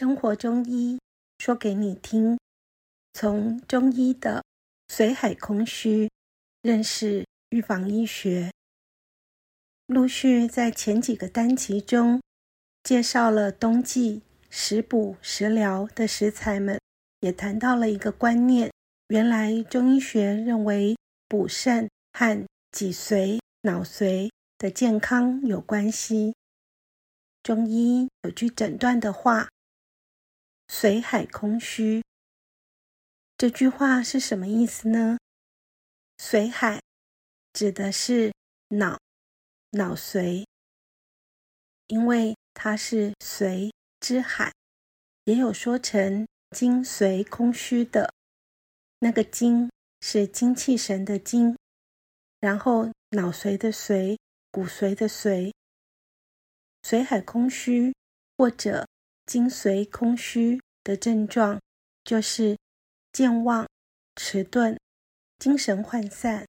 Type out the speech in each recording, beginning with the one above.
生活中醫說給你聽，從中醫的髓海空虛認識預防醫學。陸續在前幾個單集中介紹了冬季食補食療的食材們，也談到了一個觀念：原來中醫學認為補腎和脊髓、腦髓的健康有關係。中醫有句診斷的話。髓海空虛，這句話是什麼意思呢？髓海指的是腦、腦髓，因為它是髓之海，也有說成精髓空虛的。那個精是精氣神的精，然後腦髓的髓，骨髓的髓，髓海空虛或者精髓空虛的症狀就是健忘、遲鈍、精神渙散、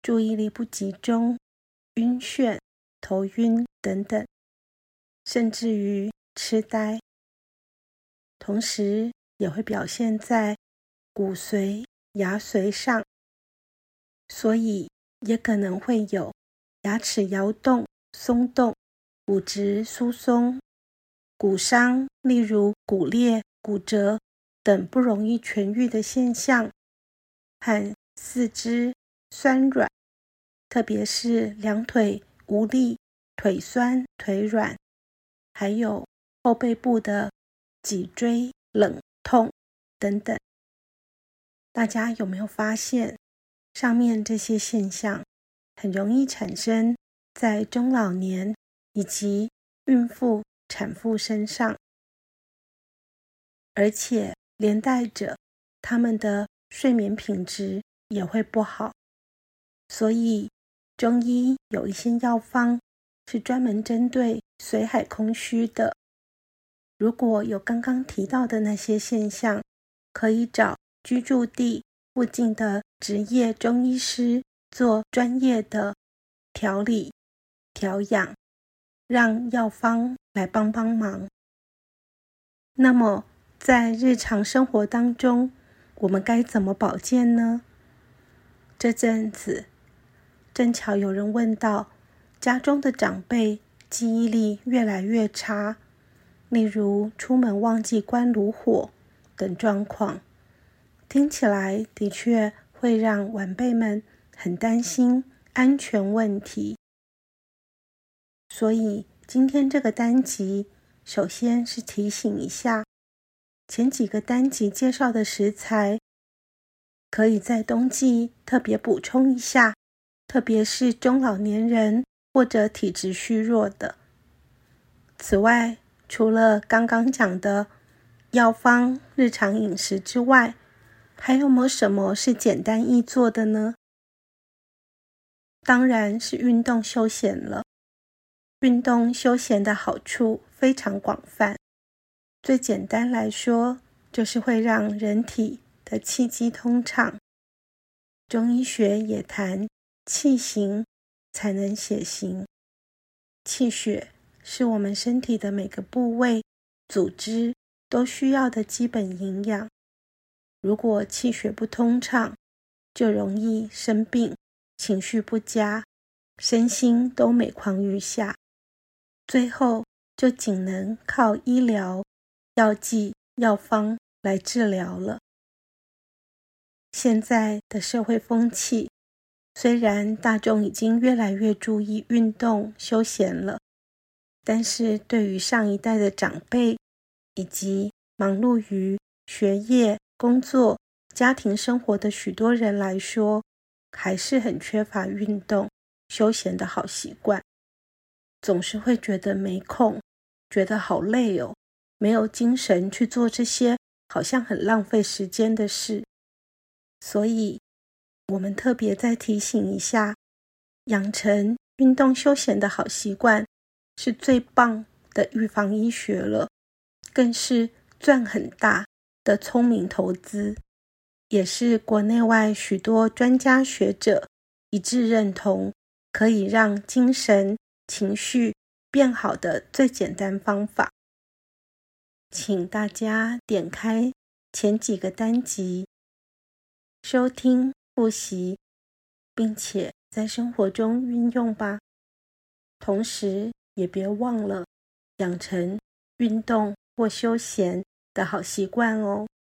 注意力不集中、暈眩、頭暈等等，甚至於癡呆。同時也會表現在骨髓、牙髓上，所以也可能會有牙齒搖動、鬆動、骨質疏鬆、骨傷，例如骨裂。骨折等不容易痊癒的現象，和四肢酸軟，特別是兩腿無力、腿酸、腿軟，還有後背部的脊椎冷痛等等，大家有沒有發現？上面這些現象很容易產生在中老年以及孕婦、產婦身上。而且連帶着他們的睡眠品質也會不好，所以中醫有一些藥方是專門針對髓海空虛的。如果有剛剛提到的那些現象，可以找居住地附近的執業中醫師做專業的調理調養，讓藥方來幫幫忙。那麼。在日常生活當中，我們該怎麼保健呢？這陣子正巧有人問到，家中的長輩記憶力越來越差，例如出門忘記關爐火等狀況，聽起來的確會讓晚輩們很擔心安全問題。所以今天這個單集，首先是提醒一下。前幾個單集介紹的食材，可以在冬季特別補充一下，特別是中老年人或者體質虛弱的。此外，除了剛剛講的藥方、日常飲食之外，還有沒有什麼是簡單易做的呢？當然是運動休閒了。運動休閒的好處非常廣泛。最簡單來說，就是會讓人體的氣機通暢。中醫學也談氣行才能血行，氣血是我們身體的每個部位、組織都需要的基本營養。如果氣血不通暢，就容易生病，情緒不佳，身心都每況愈下，最後就僅能靠醫療。藥劑、藥方來治療了。現在的社會風氣，雖然大眾已經越來越注意運動、休閒了，但是對於上一代的長輩以及忙碌於學業、工作、家庭生活的許多人來說，還是很缺乏運動、休閒的好習慣，總是會覺得沒空，覺得好累哦。沒有精神去做這些好像很浪費時間的事，所以我們特別再提醒一下：養成運動休閒的好習慣，是最棒的預防醫學了，更是賺很大的聰明投資，也是國內外許多專家學者一致認同，可以讓精神情緒變好的最簡單方法。請大家點開前幾個單集收聽複習，並且在生活中運用吧。同時，也別忘了養成運動或休閒的好習慣哦。